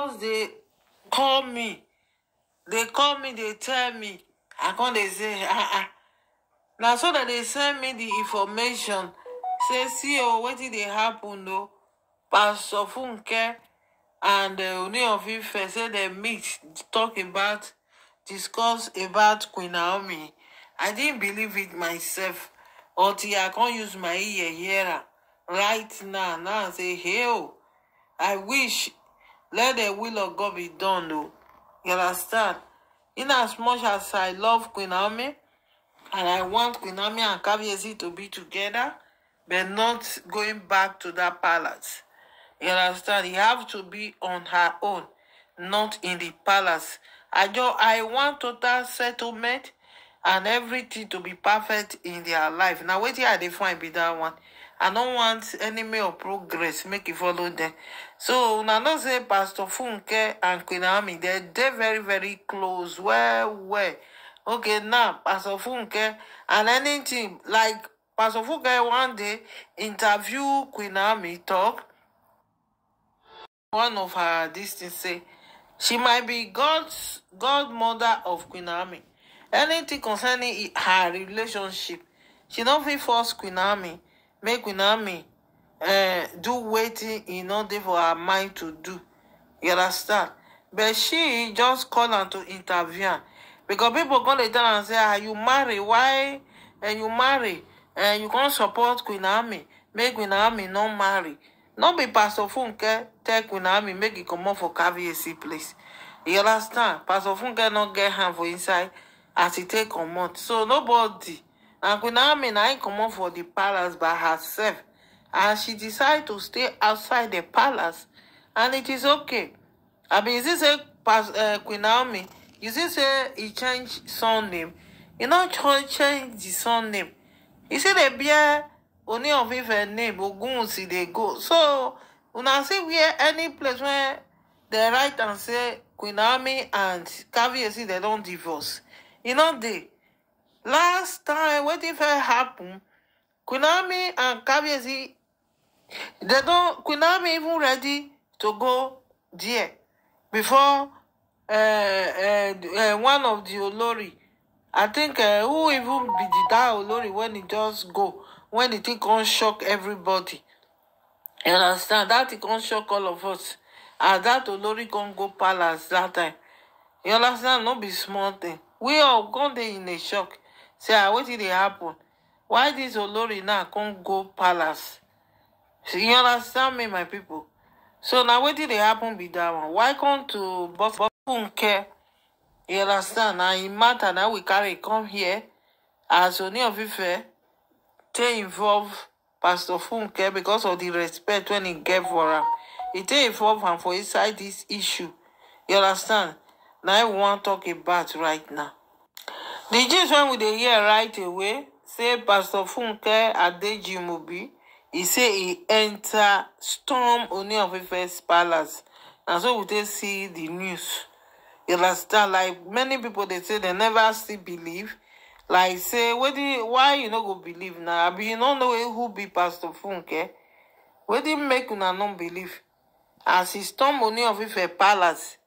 once dey call me dey call me dey tell me i come dey say ah ah na so dem dey send me di information say see o wetin dey happen o pastor funke and eh, oni of ife say dem meet talk about discuss about queen naomi i didn't believe it myself until i come use my ear hear am right now now i say hey o i wish let the will of God be done o you understand Inasmuch as I love Queen Ami, and I want Queen Ami and Kabiyesi to be together but not going back to that palace you understand you have to be on her own not in the palace I just I want total settlement and everything to be perfect in their life Now wetin I they find be that one. i don't want any more progress make you follow them. so una not say pastor funke and queen Ami, they very very close Where where? okay now pastor funke and anything like pastor funke one day interview queen Ami talk one of her distance say she might be god's godmother of queen Ami. anything concerning her relationship she don't fit force queen Ami. make una army uh, do waiting in e no dey for her mind to do you understand but she just call am to intervene because people come dey tell am say "Are ah, you marry why uh, you marry And eh, you can't support queen naomi make queen naomi no marry Not be pastor funke tell queen naomi make come comot for kvac place you understand pastor funke not get hand for inside as he take comot so nobody na queen naomi na im comot for di palace by herself and she decide to stay outside di palace and it is okay i bin see say uh, queen naomi you see say e change name. e no change di surname e say dey bear only of ife name ogunwusi dey go so una see where any place wey dem write am say queen naomi and caviarcy dem don divorce e no dey last time wetin fit happen queen naomi and kabiyesi they don queen naomi even ready to go there before uh, uh, uh, one of the olori i think uh, who even be the that olori when he just go when the thing come shock everybody you understand that thing can shock all of us and that olori can go palace that time you understand no be small thing we all come there in a shock say ah wetin dey happen why dis olori now come go palace you understand me my pipo so na wetin dey happen be dat one why come to bofunke you understand na im matter na we carry come here as oni of ife take involve pastor funke because of the respect wey he get for am e take involve am for inside this issue you understand na im we wan tok about right now di gist wey we dey hear right away say pastor funke adejumobi e say e enter storm oni of ife palace na so we take see the news you understand like many people dey say they never still believe like say why you no go believe na abi you no know who be pastor funke wetin make una no believe as he storm oni of ife palace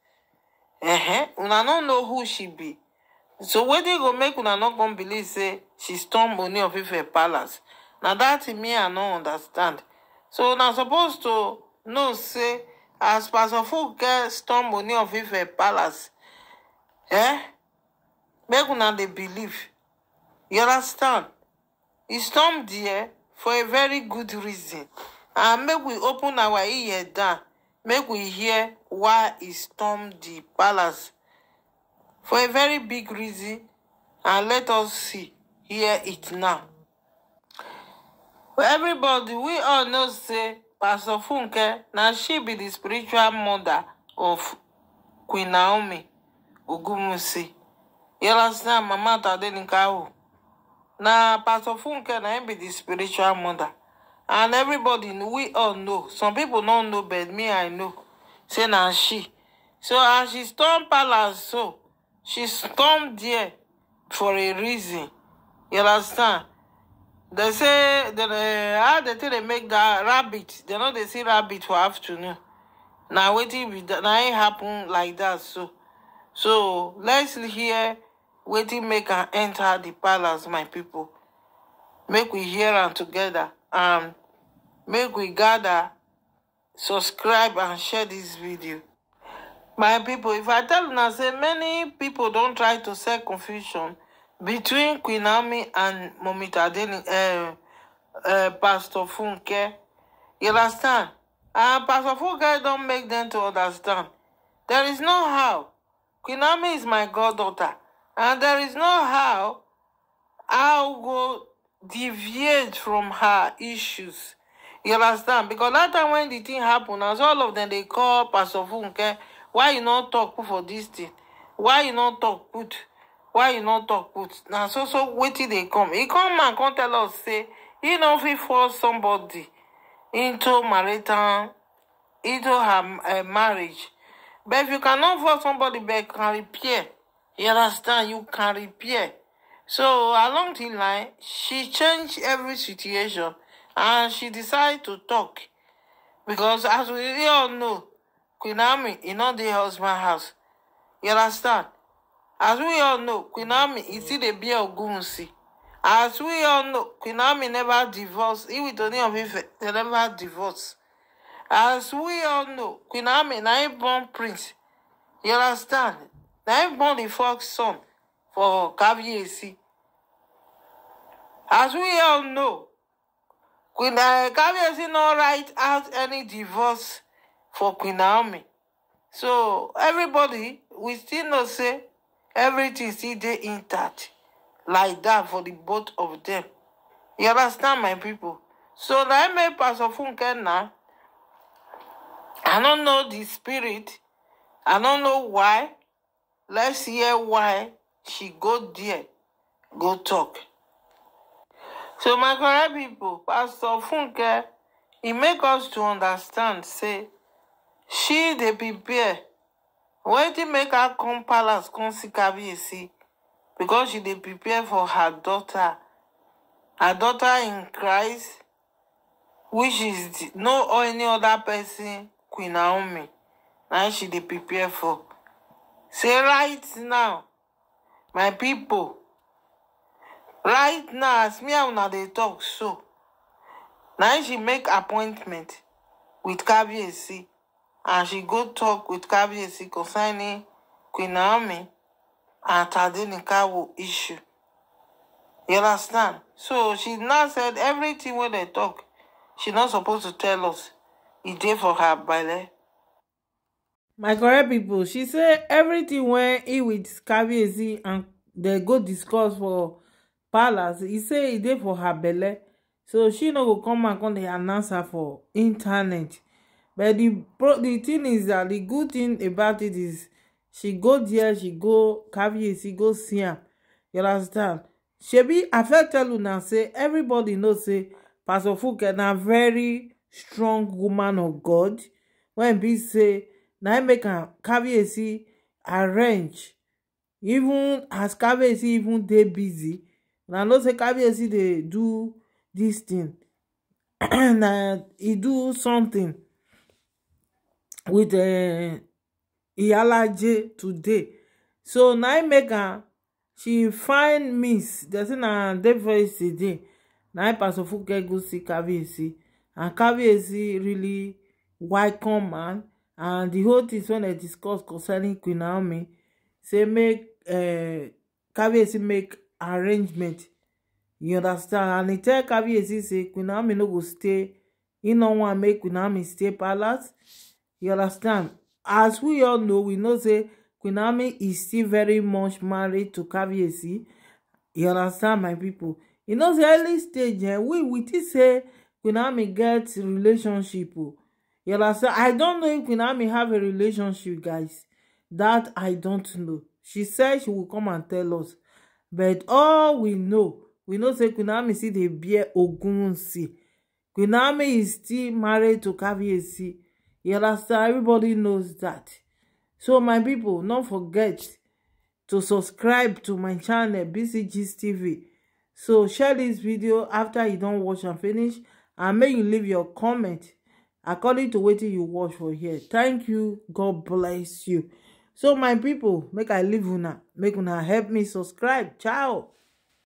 uh -huh, una no know who she be so wetin go make una not come believe say she storm money of if ife palace Now that me i no understand so now supposed to know say as pastor get storm money of if ife palace eh make una dey believe you understand He storm there for a very good reason and make we open our ear down make we hear why he storm the palace for a very big reason, and let us see, hear it now. Well, everybody, we all know say Pastor Funke, na she be the spiritual mother of Queen Naomi Ogumusi. You understand, Mama Tadenikawu? Na Pastor Funke na him be the spiritual mother. And everybody, we all know. Some people don't know, but me, I know. Say na she. So as she storm palace, so She stormed there for a reason. You understand? They say that uh, how they tell they make that rabbit. They know they see rabbit for afternoon. Now waiting with that now it happen like that. So so let's hear waiting make her enter the palace, my people. Make we hear and together. Um make we gather, subscribe and share this video. My people, if I tell una say many people don't try to set confusion between Queen Naomi and Mummy Tadeni, uh, uh, Pastor Funke. You understand? And Pastor Funke don't make them to understand. There is no how. Queen Naomi is my goddaughter. And there is no how I go deviate from her issues. You understand? Because that time when the thing happened, as all of them, they call Pastor Funke, why you no talk put for this thing why you no talk put why you no talk put na so so wetin dey come e come man come tell us say he no fit force somebody into marital into her uh, marriage but if you cannot force somebody but you can repair you understand you can repair so along the line she change every situation and she decide to talk because as we all know Queen Ami e not the husband house. You understand? As we all know, Queen Ami is still a beer of Gunsi. As we all know, Queen Ami never divorced. He with only of Ife, they never divorced. As we all know, Queen Ami na him born prince. You understand? Na him born the fox son for Kabiyesi. As we all know, Queen uh, Kabiyesi no write out any divorce for queen naomi so everybody we still not say everything still they intact like that for the both of them. you understand my people. so na make pastor funke now. i don't know the spirit i don't know why let's hear why she go there go talk. so my correct people, pastor funke he make us to understand say she dey prepare wetin make her come palace come see Kabi kabiyesi because she dey prepare for her daughter her daughter in christ which is the, no any other person queen naomi na she dey prepare for say right now my people. right now as me and una dey talk so na she make appointment with Kabi kabiyesi and she go talk with Kabiyesi concerning Queen Naomi and Tadenikawo issue. You understand? So she now said everything when they talk, she not supposed to tell us. E did for her belle. My correct people, she said everything when he with Kabiyesi and they go discuss for palace, he said e did for her belle. So she no go come and come dey announce her for internet but the pro the thing is that the good thing about it is she go there she go she go see am you understand shebi i first tell una say everybody know say pastor Funke na very strong woman of god when be say na im make am Kabiyesi arrange even as Kabiyesi even dey busy una know say Kabiyesi dey do this thing na he do something with uh, iyalaje today so na im make am she find means dem say na dey very today na im pastor funke egusi kabiyesi and kabiyesi really welcome am and the whole thing wey dem discuss concerning queen naomi say make uh, kabiyesi make arrangement you understand and e tell kabiyesi say queen naomi no go stay e no wan make queen naomi stay palace you understand as we all know we know say queen naomi is still very much married to Kabiyesi you understand my people you know the early stage eh we we did say queen naomi get relationship oh. you understand i don't know if queen naomi have a relationship guys that i don't know she said she will come and tell us but all we know we know say queen naomi still dey bear ogunwusi queen naomi is still married to Kabiyesi You understand? Everybody knows that. So my people, don't forget to subscribe to my channel, BC TV. So share this video after you don't watch and finish and make you leave your comment according to what you watch for here. Thank you. God bless you. So my people, make I leave una. Make una help me subscribe. Ciao.